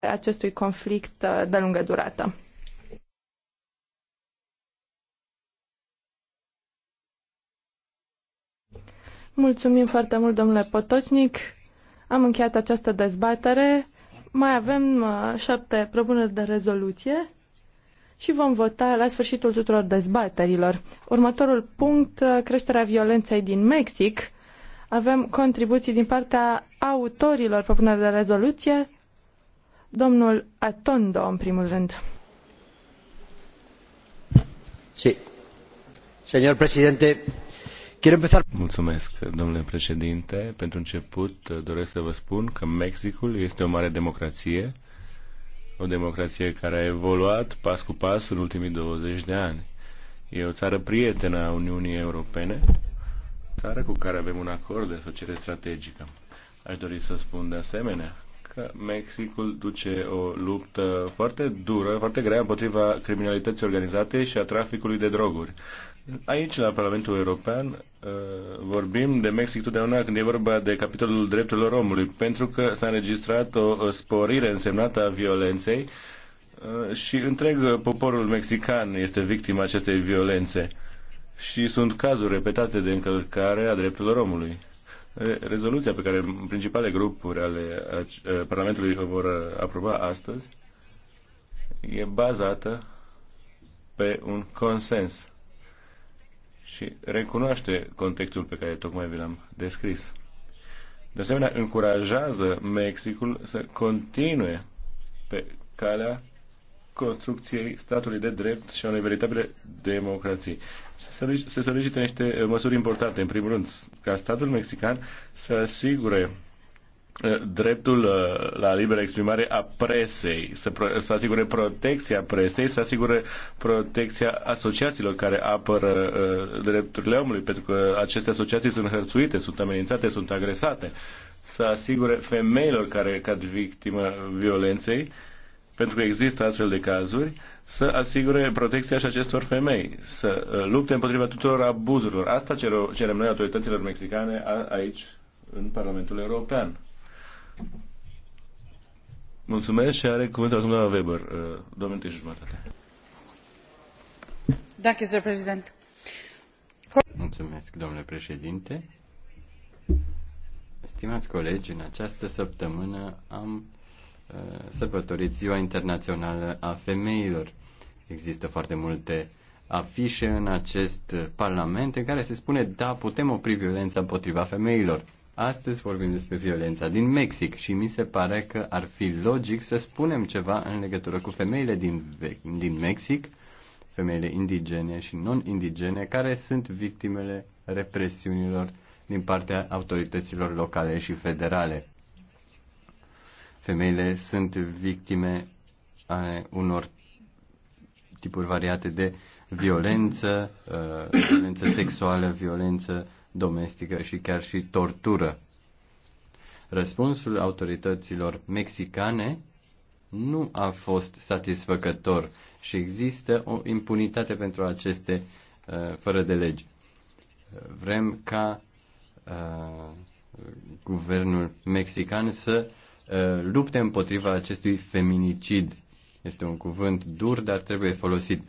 acestui conflict uh, de lungă durată. Mulțumim foarte mult, domnule Potocnic. Am încheiat această dezbatere. Mai avem uh, șapte propuneri de rezoluție și vom vota la sfârșitul tuturor dezbaterilor. Următorul punct, uh, creșterea violenței din Mexic. Avem contribuții din partea autorilor propunerii de rezoluție Domnul Atondo, în primul rând. Sí. Señor presidente, Mulțumesc, domnule președinte. Pentru început doresc să vă spun că Mexicul este o mare democrație, o democrație care a evoluat pas cu pas în ultimii 20 de ani. E o țară prietenă a Uniunii Europene, țară cu care avem un acord de asociere strategică. Aș dori să spun de asemenea că Mexicul duce o luptă foarte dură, foarte grea împotriva criminalității organizate și a traficului de droguri. Aici, la Parlamentul European, uh, vorbim de Mexic totdeauna când e vorba de capitolul drepturilor omului, pentru că s-a înregistrat o sporire însemnată a violenței uh, și întreg poporul mexican este victima acestei violențe și sunt cazuri repetate de încălcare a drepturilor omului. Rezoluția pe care principale grupuri ale Parlamentului o vor aproba astăzi e bazată pe un consens și recunoaște contextul pe care tocmai vi l-am descris. De asemenea, încurajează Mexicul să continue pe calea construcției statului de drept și a unei veritabile democrații. Se solicită niște uh, măsuri importante, în primul rând, ca statul mexican să asigure uh, dreptul uh, la liberă exprimare a presei, să, pro, să asigure protecția presei, să asigure protecția asociațiilor care apără uh, drepturile omului, pentru că aceste asociații sunt hărțuite, sunt amenințate, sunt agresate, să asigure femeilor care cad victimă violenței pentru că există astfel de cazuri, să asigure protecția și acestor femei, să uh, lupte împotriva tuturor abuzurilor. Asta cerem noi autorităților mexicane aici, în Parlamentul European. Mulțumesc și are cuvântul acum doamna Weber. Uh, două minute și jumătate. Mulțumesc, domnule președinte. Stimați colegi, în această săptămână am Uh, sărbătorit Ziua Internațională a Femeilor. Există foarte multe afișe în acest parlament în care se spune da, putem opri violența împotriva femeilor. Astăzi vorbim despre violența din Mexic și mi se pare că ar fi logic să spunem ceva în legătură cu femeile din, din Mexic, femeile indigene și non-indigene, care sunt victimele represiunilor din partea autorităților locale și federale. Femeile sunt victime ale unor tipuri variate de violență, uh, violență sexuală, violență domestică și chiar și tortură. Răspunsul autorităților mexicane nu a fost satisfăcător și există o impunitate pentru aceste uh, fără de legi. Vrem ca uh, guvernul mexican să Uh, lupte împotriva acestui feminicid. Este un cuvânt dur, dar trebuie folosit.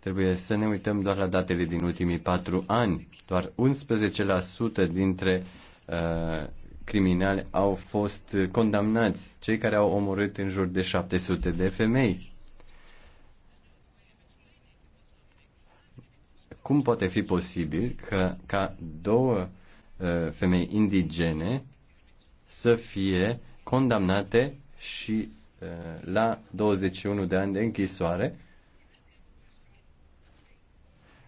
Trebuie să ne uităm doar la datele din ultimii patru ani. Doar 11% dintre uh, criminali au fost condamnați, cei care au omorât în jur de 700 de femei. Cum poate fi posibil că ca două Uh, femei indigene să fie condamnate și uh, la 21 de ani de închisoare.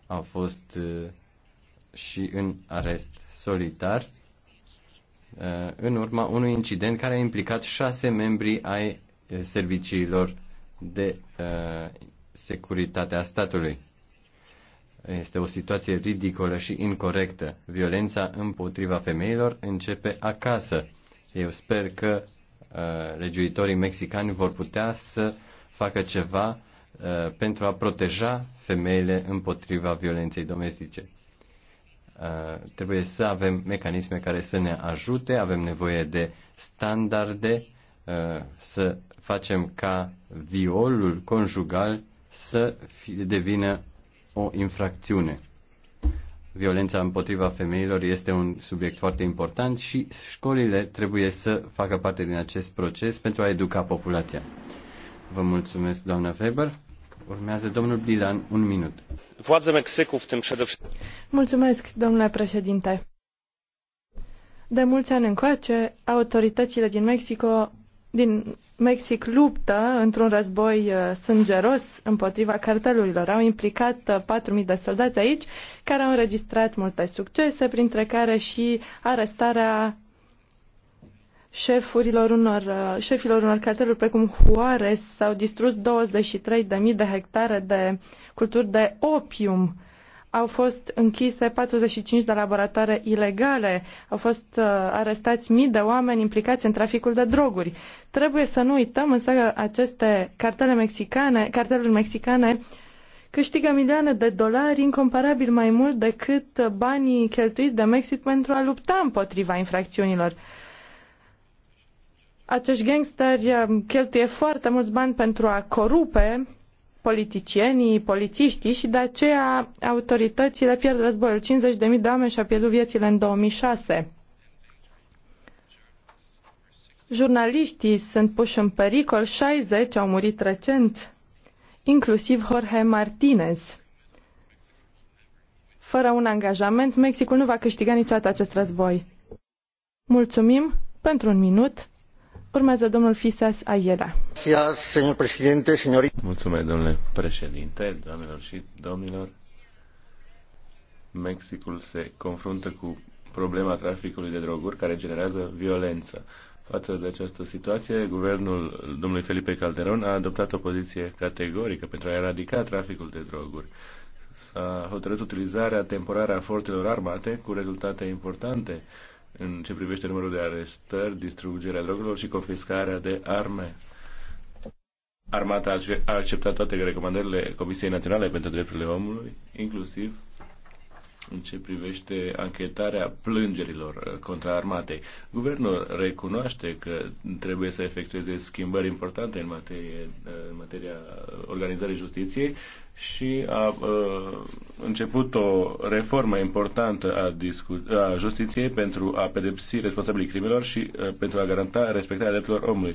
Au fost uh, și în arest solitar în urma unui incident care a implicat șase membri ai serviciilor de securitate a statului. Este o situație ridicolă și incorrectă. Violența împotriva femeilor începe acasă. Eu sper că uh, legiuitorii mexicani vor putea să facă ceva uh, pentru a proteja femeile împotriva violenței domestice. Uh, trebuie să avem mecanisme care să ne ajute, avem nevoie de standarde, uh, să facem ca violul conjugal să devină o infracțiune. Violența împotriva femeilor este un subiect foarte important și școlile trebuie să facă parte din acest proces pentru a educa populația. Vă mulțumesc, doamna Weber. Urmează domnul Bilan, un minut. Mulțumesc, domnule președinte. De mulți ani încoace, autoritățile din Mexico din Mexic luptă într-un război uh, sângeros împotriva cartelurilor. Au implicat 4.000 uh, de soldați aici care au înregistrat multe succese, printre care și arestarea șefurilor unor, uh, șefilor unor carteluri precum Juarez s-au distrus 23.000 de hectare de culturi de opium au fost închise 45 de laboratoare ilegale, au fost uh, arestați mii de oameni implicați în traficul de droguri. Trebuie să nu uităm însă că aceste cartele mexicane, carteluri mexicane câștigă milioane de dolari incomparabil mai mult decât banii cheltuiți de Mexic pentru a lupta împotriva infracțiunilor. Acești gangsteri uh, cheltuie foarte mulți bani pentru a corupe politicienii, polițiștii și de aceea autoritățile pierd războiul. 50.000 de oameni și-au pierdut viețile în 2006. Jurnaliștii sunt puși în pericol, 60 au murit recent, inclusiv Jorge Martinez. Fără un angajament, Mexicul nu va câștiga niciodată acest război. Mulțumim pentru un minut. Urmează domnul Fisas Aiera. Mulțumesc, domnule președinte, doamnelor și domnilor. Mexicul se confruntă cu problema traficului de droguri care generează violență. Față de această situație, guvernul domnului Felipe Calderon a adoptat o poziție categorică pentru a eradica traficul de droguri. S-a hotărât utilizarea temporară a forțelor armate cu rezultate importante în ce privește numărul de arestări, distrugerea drogurilor și confiscarea de arme. Armata a acceptat toate recomandările Comisiei Naționale pentru Drepturile Omului, inclusiv în ce privește anchetarea plângerilor uh, contra armatei. Guvernul recunoaște că trebuie să efectueze schimbări importante în, materie, uh, în materia organizării justiției și a, a început o reformă importantă a, discu- a justiției pentru a pedepsi responsabilii crimelor și a, pentru a garanta respectarea drepturilor omului.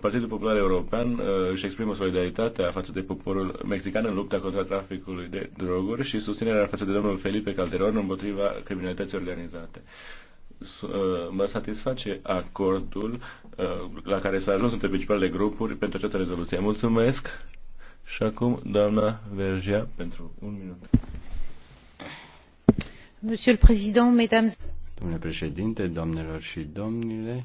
Partidul Popular European a, își exprimă solidaritatea față de poporul mexican în lupta contra traficului de droguri și susținerea față de domnul Felipe Calderon împotriva criminalității organizate mă satisface acordul la care s-a ajuns între principalele grupuri pentru această rezoluție. Mulțumesc! Și acum, doamna Vergea, pentru un minut. Monsieur le Président, Mesdames... Domnule președinte, doamnelor și domnile,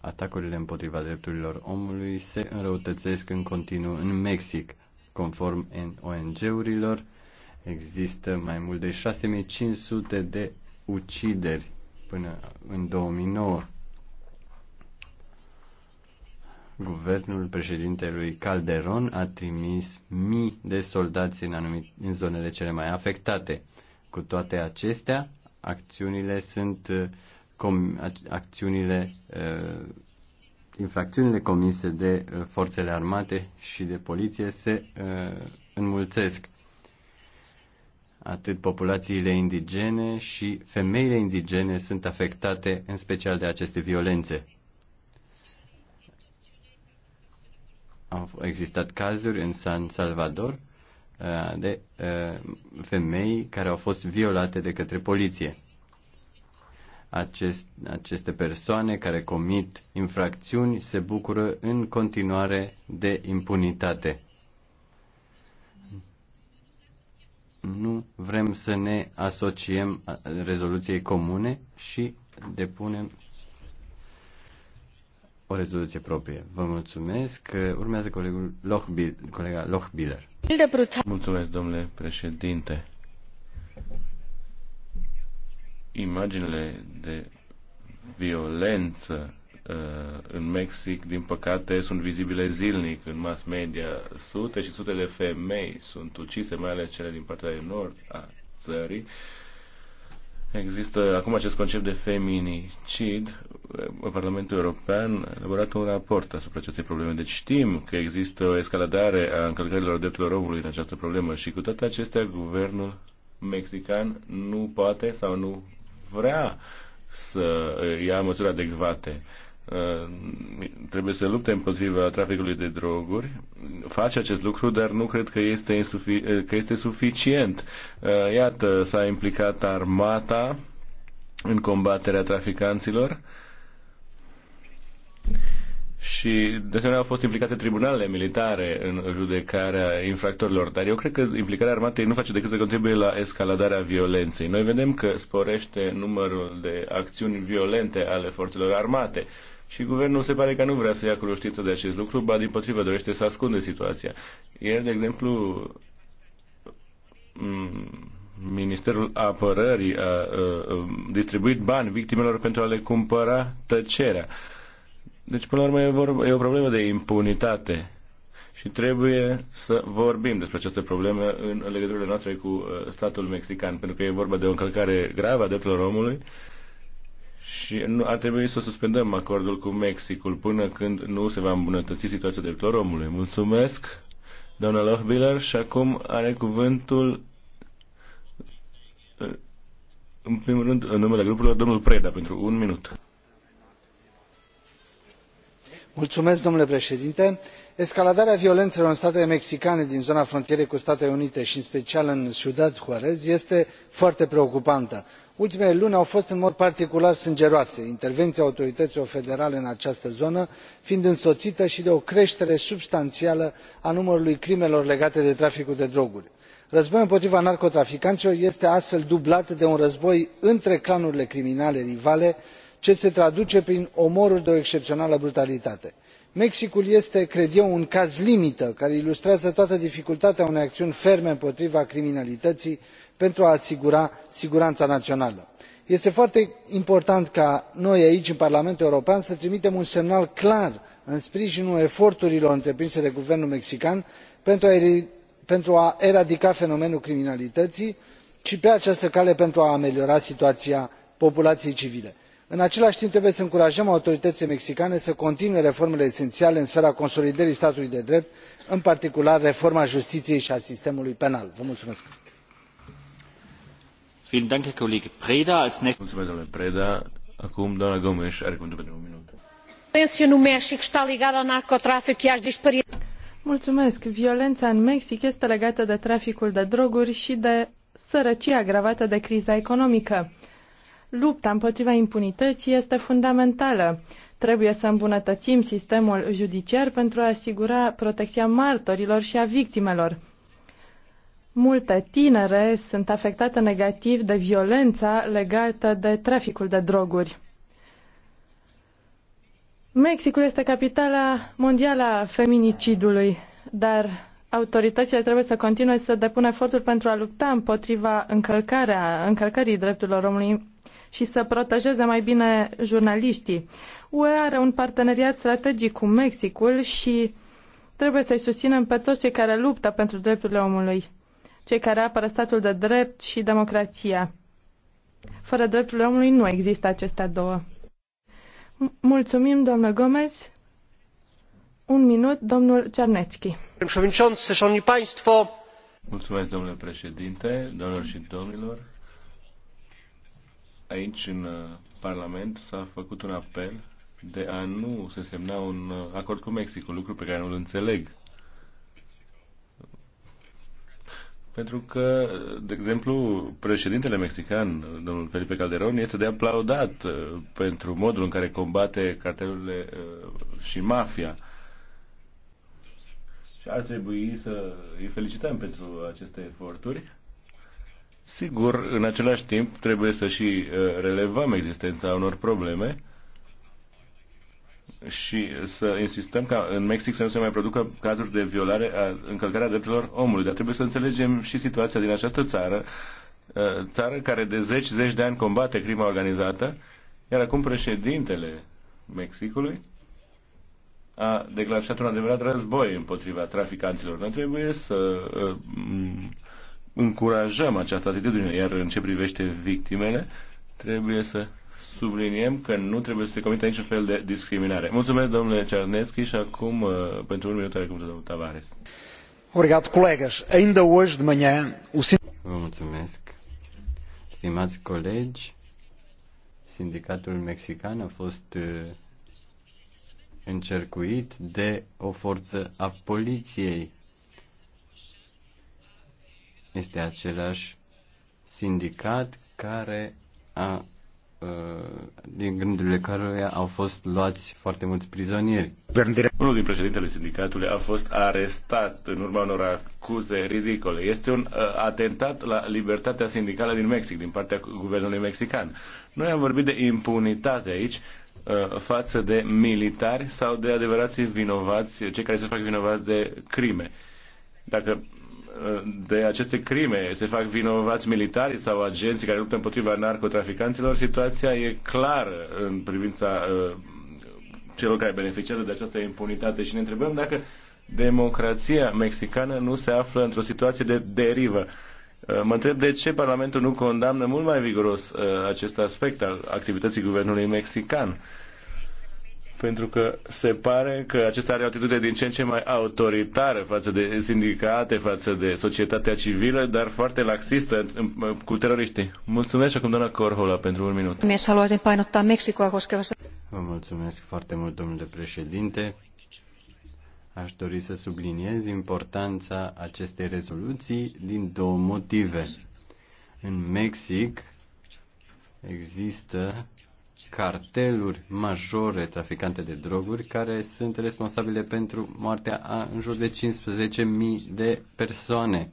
atacurile împotriva drepturilor omului se înrăutățesc în continuu în Mexic. Conform ONG-urilor, există mai mult de 6500 de ucideri până în 2009 guvernul președintelui Calderon a trimis mii de soldați în, anumit, în zonele cele mai afectate. Cu toate acestea, acțiunile sunt uh, com, acțiunile uh, infracțiunile comise de uh, forțele armate și de poliție se uh, înmulțesc. Atât populațiile indigene și femeile indigene sunt afectate în special de aceste violențe. Au existat cazuri în San Salvador uh, de uh, femei care au fost violate de către poliție. Acest, aceste persoane care comit infracțiuni se bucură în continuare de impunitate. Nu vrem să ne asociem uh, rezoluției comune și depunem o rezoluție proprie. Vă mulțumesc. Urmează colegul Lochbil, colega Lochbiller. Mulțumesc, domnule președinte. Imaginele de violență uh, în Mexic, din păcate, sunt vizibile zilnic în mass media. Sute și sute de femei sunt ucise, mai ales cele din partea de nord a țării. Uh, Există acum acest concept de feminicid. Parlamentul European a elaborat un raport asupra acestei probleme. Deci știm că există o escaladare a încălcărilor drepturilor omului în această problemă și cu toate acestea guvernul mexican nu poate sau nu vrea să eh, ia măsuri adecvate. Uh, trebuie să lupte împotriva traficului de droguri, face acest lucru, dar nu cred că este, insufi- uh, că este suficient. Uh, iată, s-a implicat armata în combaterea traficanților și de asemenea au fost implicate tribunalele militare în judecarea infractorilor, dar eu cred că implicarea armatei nu face decât să contribuie la escaladarea violenței. Noi vedem că sporește numărul de acțiuni violente ale forțelor armate și guvernul se pare că nu vrea să ia cunoștință de acest lucru, ba din potrivă dorește să ascunde situația. Iar, de exemplu, mm, Ministerul Apărării a, a, a distribuit bani victimelor pentru a le cumpăra tăcerea. Deci, până la urmă, e, vorba, e o problemă de impunitate și trebuie să vorbim despre această problemă în legăturile noastre cu uh, statul mexican, pentru că e vorba de o încălcare gravă a drepturilor omului și ar trebui să suspendăm acordul cu Mexicul până când nu se va îmbunătăți situația drepturilor omului. Mulțumesc, doamna Lohbiller, și acum are cuvântul uh, în primul rând, în numele grupurilor, domnul Preda, pentru un minut. Mulțumesc, domnule președinte. Escaladarea violențelor în statele mexicane din zona frontierei cu Statele Unite și în special în Ciudad Juarez este foarte preocupantă ultimele luni au fost în mod particular sângeroase intervenția autorităților federale în această zonă fiind însoțită și de o creștere substanțială a numărului crimelor legate de traficul de droguri. războiul împotriva narcotraficanților este astfel dublat de un război între clanurile criminale rivale ce se traduce prin omoruri de o excepțională brutalitate. mexicul este cred eu un caz limită care ilustrează toată dificultatea unei acțiuni ferme împotriva criminalității pentru a asigura sigurana naională. este foarte important ca noi aici în parlamentul european să trimitem un semnal clar în sprijinul eforturilor întreprinse de guvernul mexican pentru a eradica fenomenul criminalităii i pe această cale pentru a ameliora situaia populaiei civile. în acelai timp trebuie să încurajăm autorităile mexicane să continue reformele eseniale în sfera consolidării statului de drept în particular reforma justiiei i a sistemului penal. Mulțumesc, domnule Preda. Acum, doamna Gomes are Violența în Mexic este legată de traficul de droguri și de sărăcia agravată de criza economică. Lupta împotriva impunității este fundamentală. Trebuie să îmbunătățim sistemul judiciar pentru a asigura protecția martorilor și a victimelor. Multe tinere sunt afectate negativ de violența legată de traficul de droguri. Mexicul este capitala mondială a feminicidului, dar autoritățile trebuie să continue să depună eforturi pentru a lupta împotriva încălcarea, încălcării drepturilor omului și să protejeze mai bine jurnaliștii. UE are un parteneriat strategic cu Mexicul și trebuie să-i susținem pe toți cei care luptă pentru drepturile omului cei care apără statul de drept și democrația. Fără dreptul omului nu există acestea două. Mulțumim, domnule Gomez. Un minut, domnul Cernețchi. Mulțumesc, domnule președinte, domnilor și domnilor. Aici, în uh, Parlament, s-a făcut un apel de a nu se semna un uh, acord cu Mexicul, lucru pe care nu-l înțeleg Pentru că, de exemplu, președintele mexican, domnul Felipe Calderon, este de aplaudat uh, pentru modul în care combate cartelurile uh, și mafia. Și ar trebui să îi felicităm pentru aceste eforturi. Sigur, în același timp, trebuie să și uh, relevăm existența unor probleme și să insistăm ca în Mexic să nu se mai producă cazuri de violare, a, încălcarea drepturilor omului. Dar trebuie să înțelegem și situația din această țară, ă, țară care de zeci, zeci de ani combate crima organizată, iar acum președintele Mexicului a declanșat un adevărat război împotriva traficanților. Noi trebuie să ă, încurajăm această atitudine, iar în ce privește victimele, trebuie să subliniem că nu trebuie să se comită niciun fel de discriminare. Mulțumesc, domnule Cerneschi, și acum uh, pentru un minut are cuvântul domnul Tavares. Obrigado, colegas. Ainda hoje de manhã, o Vă mulțumesc. Stimați colegi, sindicatul mexican a fost uh, încercuit de o forță a poliției. Este același sindicat care a Uh, din gândurile căruia au fost luați foarte mulți prizonieri. Unul din președintele sindicatului a fost arestat în urma unor acuze ridicole. Este un uh, atentat la libertatea sindicală din Mexic, din partea guvernului mexican. Noi am vorbit de impunitate aici uh, față de militari sau de adevărații vinovați, cei care se fac vinovați de crime. Dacă de aceste crime. Se fac vinovați militari sau agenții care luptă împotriva narcotraficanților. Situația e clară în privința uh, celor care beneficiază de această impunitate și ne întrebăm dacă democrația mexicană nu se află într-o situație de derivă. Uh, mă întreb de ce Parlamentul nu condamnă mult mai viguros uh, acest aspect al activității guvernului mexican pentru că se pare că acesta are o atitudine din ce în ce mai autoritară față de sindicate, față de societatea civilă, dar foarte laxistă cu teroriștii. Mulțumesc și acum doamna Corhola pentru un minut. Vă mulțumesc foarte mult, domnule președinte. Aș dori să subliniez importanța acestei rezoluții din două motive. În Mexic există carteluri majore traficante de droguri care sunt responsabile pentru moartea a în jur de 15.000 de persoane.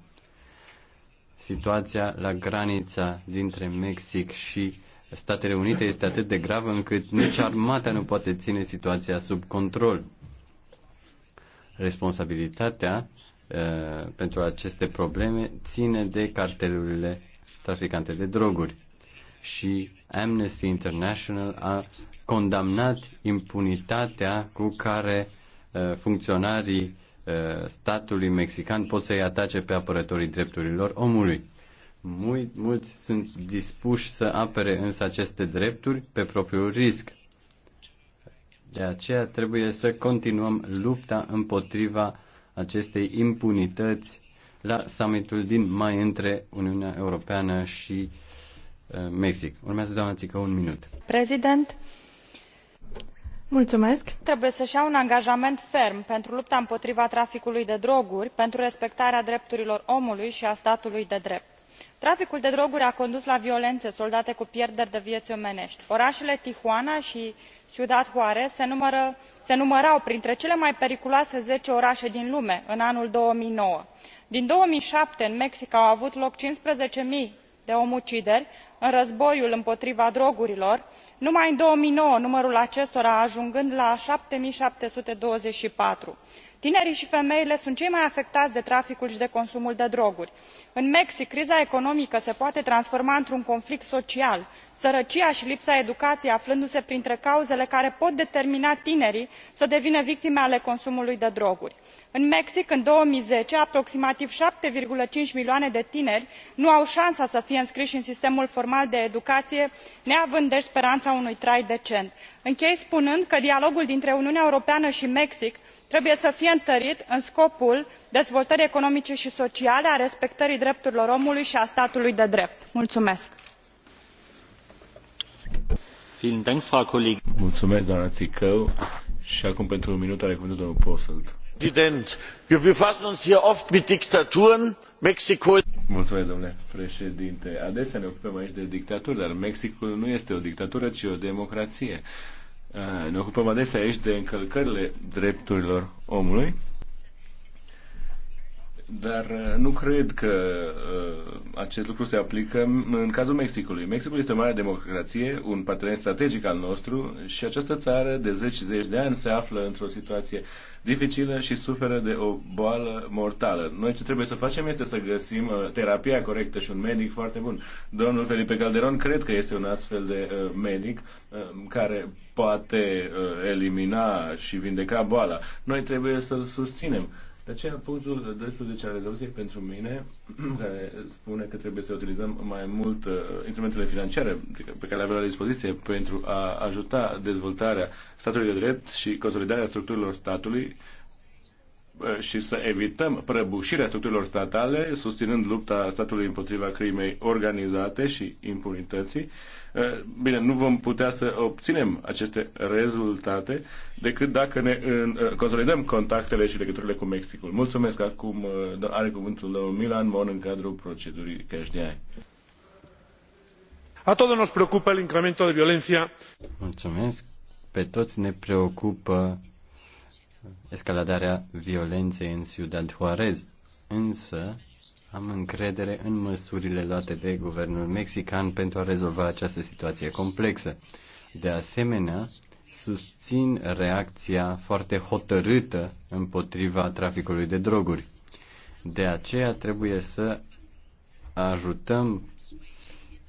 Situația la granița dintre Mexic și Statele Unite este atât de gravă încât nici armata nu poate ține situația sub control. Responsabilitatea uh, pentru aceste probleme ține de cartelurile traficante de droguri și Amnesty International a condamnat impunitatea cu care uh, funcționarii uh, statului mexican pot să-i atace pe apărătorii drepturilor omului. Mulți sunt dispuși să apere însă aceste drepturi pe propriul risc. De aceea trebuie să continuăm lupta împotriva acestei impunități la summitul din mai între Uniunea Europeană și uh, Uh, mexic. Urmează doamna Țică un minut. Prezident, Mulțumesc. trebuie să îi ia un angajament ferm pentru lupta împotriva traficului de droguri pentru respectarea drepturilor omului i a statului de drept. traficul de droguri a condus la violene soldate cu pierderi de viei omeneti. oraele tijuana i ciudad juarez se, numără, se numărau printre cele mai periculoase zece orae din lume în anul. două mii nouă din două mii șapte în mexic au avut loc cincisprezece de omucideri în războiul împotriva drogurilor numai în două mii nouă numărul acestora ajungând la șapte mii șapte sute douăzeci și patru de tinerii i femeile sunt cei mai afectai de traficul i de consumul de droguri. în mexic criza economică se poate transforma într un conflict social sărăcia i lipsa educaiei aflându se printre cauzele care pot determina tinerii să devină victime ale consumului de droguri. în mexic în două mii zece aproximativ șapte cinci milioane de tineri nu au ansa să fie înscrii în sistemul formal de educaie neavând deci sperana unui trai decent închei spunând că dialogul dintre uniunea europeană i mexic trebuie să fie întărit în scopul dezvoltării economice i sociale a respectării drepturilor omului i a statului de drept. Mulțumesc, Și acum pentru un minut Präsident! Wir befassen uns hier oft mit Diktaturen. Mexiko Mulțumesc, domnule președinte. Adesea ne ocupăm aici de dictaturi, dar Mexicul nu este o dictatură, ci o democrație. Eh, ne ocupăm adesea aici de încălcările drepturilor omului dar uh, nu cred că uh, acest lucru se aplică în cazul Mexicului. Mexicul este o mare democrație, un partener strategic al nostru și această țară de 10 și zeci de ani se află într-o situație dificilă și suferă de o boală mortală. Noi ce trebuie să facem este să găsim uh, terapia corectă și un medic foarte bun. Domnul Felipe Calderon cred că este un astfel de uh, medic uh, care poate uh, elimina și vindeca boala. Noi trebuie să-l susținem. Uh, de aceea, punctul 12 al rezoluției pentru mine, care spune că trebuie să utilizăm mai mult uh, instrumentele financiare pe care le avem la dispoziție pentru a ajuta dezvoltarea statului de drept și consolidarea structurilor statului Eh, și să evităm prăbușirea structurilor statale, susținând lupta statului împotriva crimei organizate și impunității. Eh, bine, nu vom putea să obținem aceste rezultate decât dacă ne eh, consolidăm contactele și legăturile cu Mexicul. Mulțumesc acum, are cuvântul domnul Milan Mon în cadrul procedurii Cașdiai. A todos nos preocupa el incremento de violencia. Mulțumesc. Pe toți ne preocupă escaladarea violenței în Ciudad Juarez, însă am încredere în măsurile luate de guvernul mexican pentru a rezolva această situație complexă. De asemenea, susțin reacția foarte hotărâtă împotriva traficului de droguri. De aceea trebuie să ajutăm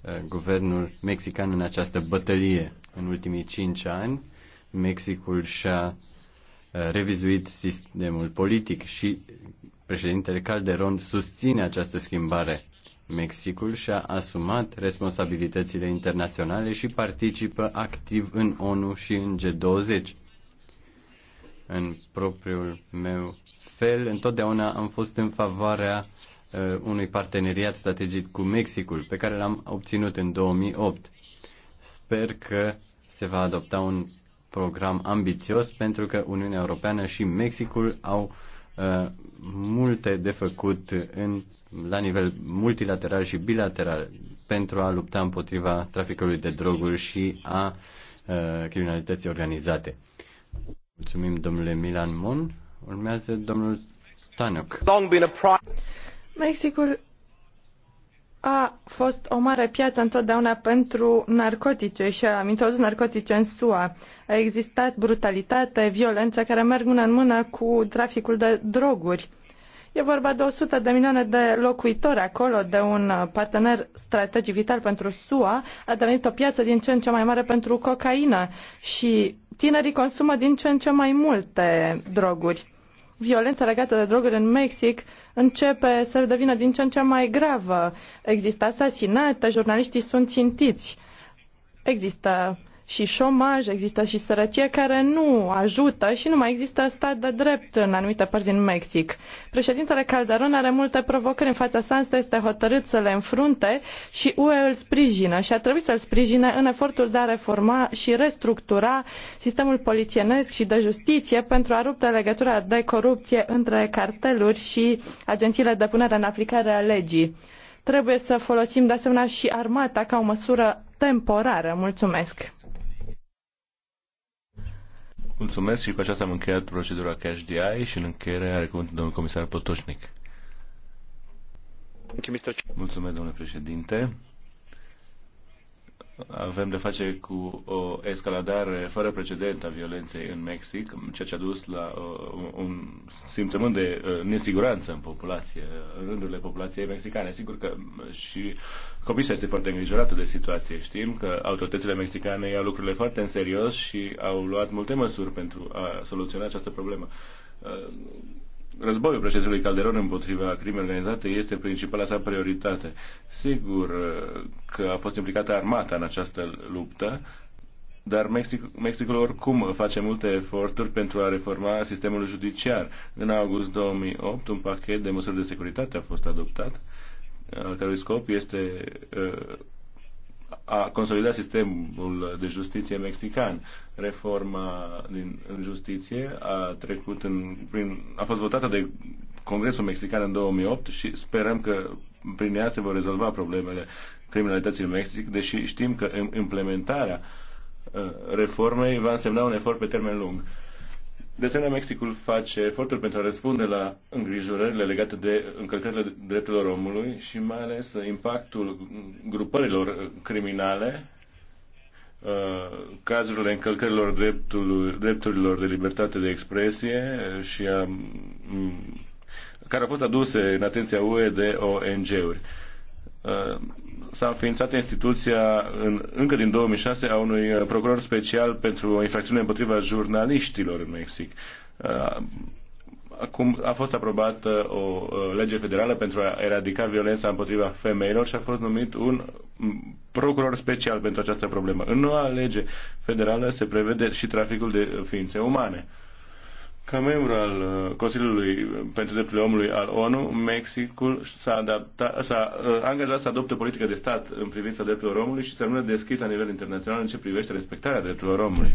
uh, guvernul mexican în această bătălie. În ultimii cinci ani, Mexicul și-a uh, revizuit sistemul politic și președintele Calderon susține această schimbare. Mexicul și-a asumat responsabilitățile internaționale și participă activ în ONU și în G20. În propriul meu fel, întotdeauna am fost în favoarea uh, unui parteneriat strategic cu Mexicul, pe care l-am obținut în 2008. Sper că se va adopta un program ambițios pentru că Uniunea Europeană și Mexicul au uh, multe de făcut în, la nivel multilateral și bilateral pentru a lupta împotriva traficului de droguri și a uh, criminalității organizate. Mulțumim, domnule Milan Mon. Urmează domnul Tanuk. Mexicul a fost o mare piață întotdeauna pentru narcotice și am introdus narcotice în SUA. A existat brutalitate, violență care merg mână în mână cu traficul de droguri. E vorba de 100 de milioane de locuitori acolo, de un partener strategic vital pentru SUA. A devenit o piață din ce în ce mai mare pentru cocaină și tinerii consumă din ce în ce mai multe droguri violența legată de droguri în Mexic începe să devină din ce în ce mai gravă. Există asasinate, jurnaliștii sunt țintiți. Există și șomaj, există și sărăcie care nu ajută și nu mai există stat de drept în anumite părți din Mexic. Președintele Calderon are multe provocări în fața sa, însă este hotărât să le înfrunte și UE îl sprijină și a trebuit să-l sprijine în efortul de a reforma și restructura sistemul polițienesc și de justiție pentru a rupte legătura de corupție între carteluri și agențiile de punere în aplicare a legii. Trebuie să folosim de asemenea și armata ca o măsură temporară. Mulțumesc! Mulțumesc și cu aceasta am încheiat procedura Cash DI și în încheiere are cuvântul domnul comisar Potoșnic. Mulțumesc, domnule președinte avem de face cu o escaladare fără precedent a violenței în Mexic, ceea ce a dus la uh, un simțământ de uh, nesiguranță în populație, în rândurile populației mexicane. Sigur că și Comisia este foarte îngrijorată de situație. Știm că autoritățile mexicane iau lucrurile foarte în serios și au luat multe măsuri pentru a soluționa această problemă. Uh, războiul președintelui Calderon împotriva crimei organizate este principala sa prioritate. Sigur uh, că a fost implicată armata în această luptă, dar Mexic, Mexicul oricum face multe eforturi pentru a reforma sistemul judiciar. În august 2008, un pachet de măsuri de securitate a fost adoptat, al cărui scop este uh, a consolidat sistemul de justiție mexican. Reforma din, în justiție a trecut în, prin, a fost votată de Congresul Mexican în 2008 și sperăm că prin ea se vor rezolva problemele criminalității în Mexic, deși știm că implementarea uh, reformei va însemna un efort pe termen lung. De asemenea, Mexicul face eforturi pentru a răspunde la îngrijorările legate de încălcările drepturilor omului și mai ales impactul grupărilor uh, criminale, uh, cazurile încălcărilor drepturilor de libertate de expresie și a, mm, care au fost aduse în atenția UE de ONG-uri uh, s-a înființat instituția în, încă din 2006 a unui uh, procuror special pentru o infracțiune împotriva jurnaliștilor în Mexic. Uh, acum a fost aprobată uh, o lege federală pentru a eradica violența împotriva femeilor și a fost numit un procuror special pentru această problemă. În noua lege federală se prevede și traficul de ființe umane. Uh, ca membru al uh, Consiliului pentru Drepturile Omului al ONU, Mexicul s-a, adaptat, s-a uh, angajat să adopte o politică de stat în privința drepturilor omului și să rămână deschis la nivel internațional în ce privește respectarea drepturilor omului.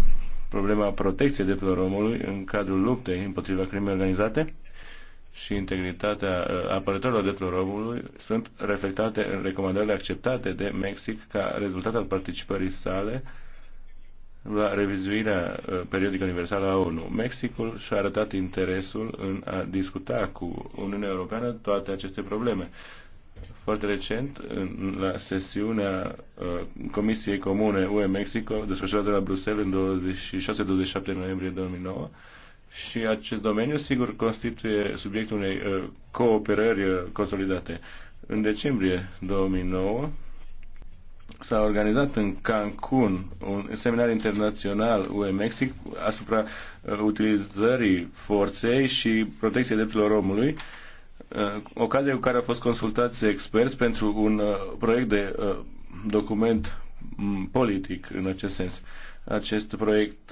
Problema protecției drepturilor omului în cadrul luptei împotriva crimei organizate și integritatea uh, apărătorilor drepturilor omului sunt reflectate în recomandările acceptate de Mexic ca rezultat al participării sale la revizuirea uh, periodică universală a ONU. Mexicul și-a arătat interesul în a discuta cu Uniunea Europeană toate aceste probleme. Foarte recent, în, la sesiunea uh, Comisiei Comune UE-Mexico, desfășurată la Bruxelles în 26-27 noiembrie 2009, și acest domeniu, sigur, constituie subiectul unei uh, cooperări uh, consolidate. În decembrie 2009, s-a organizat în Cancun un seminar internațional UE-Mexic asupra uh, utilizării forței și protecției drepturilor omului, uh, ocazie cu care au fost consultați experți pentru un uh, proiect de uh, document politic în acest sens. Uh, acest proiect,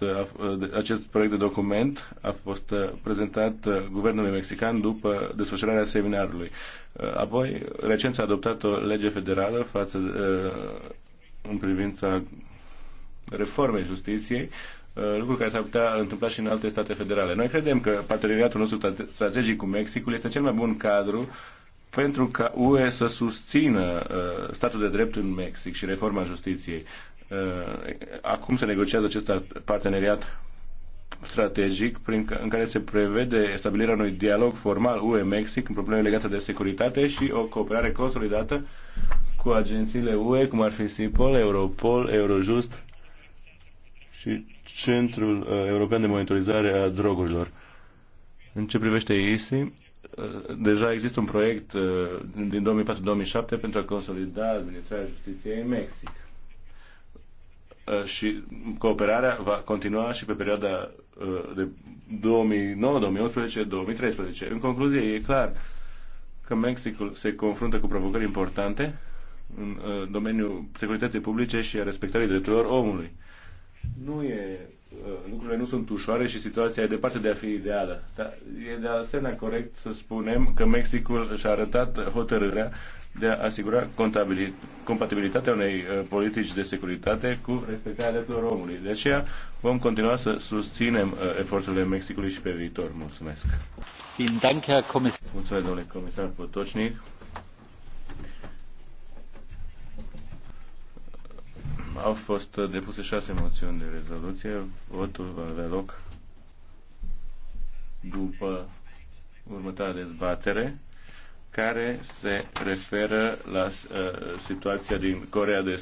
acest proiect de document a fost uh, prezentat uh, guvernului mexican după desfășurarea seminarului. Uh, apoi, recent s-a adoptat o lege federală față, în privința reformei justiției, lucru care s-ar putea întâmpla și în alte state federale. Noi credem că parteneriatul nostru strategic cu Mexicul este cel mai bun cadru pentru ca UE să susțină uh, statul de drept în Mexic și reforma justiției. Uh, acum se negociază acest parteneriat strategic prin, în care se prevede stabilirea unui dialog formal UE-Mexic în probleme legate de securitate și o cooperare consolidată cu agențiile UE, cum ar fi SIPOL, Europol, Eurojust și Centrul uh, European de Monitorizare a Drogurilor. În ce privește ISI, uh, deja există un proiect din 2004-2007 pentru a consolida administrarea justiției în Mexic. Uh, și cooperarea va continua și pe perioada uh, de 2009, 2013. În concluzie, e clar că Mexicul se confruntă cu provocări importante în uh, domeniul securității publice și a respectării drepturilor omului. Nu e, lucrurile nu sunt ușoare și situația e departe de a fi ideală. Dar e de asemenea corect să spunem că Mexicul și-a arătat hotărârea de a asigura compatibilitatea unei uh, politici de securitate cu respectarea drepturilor omului. De aceea vom continua să susținem uh, eforturile Mexicului și pe viitor. Mulțumesc! Mulțumesc, domnule comisar Potocnic. Au fost uh, depuse șase moțiuni de rezoluție. Votul va avea loc după următoarea dezbatere care se referă la uh, situația din Corea de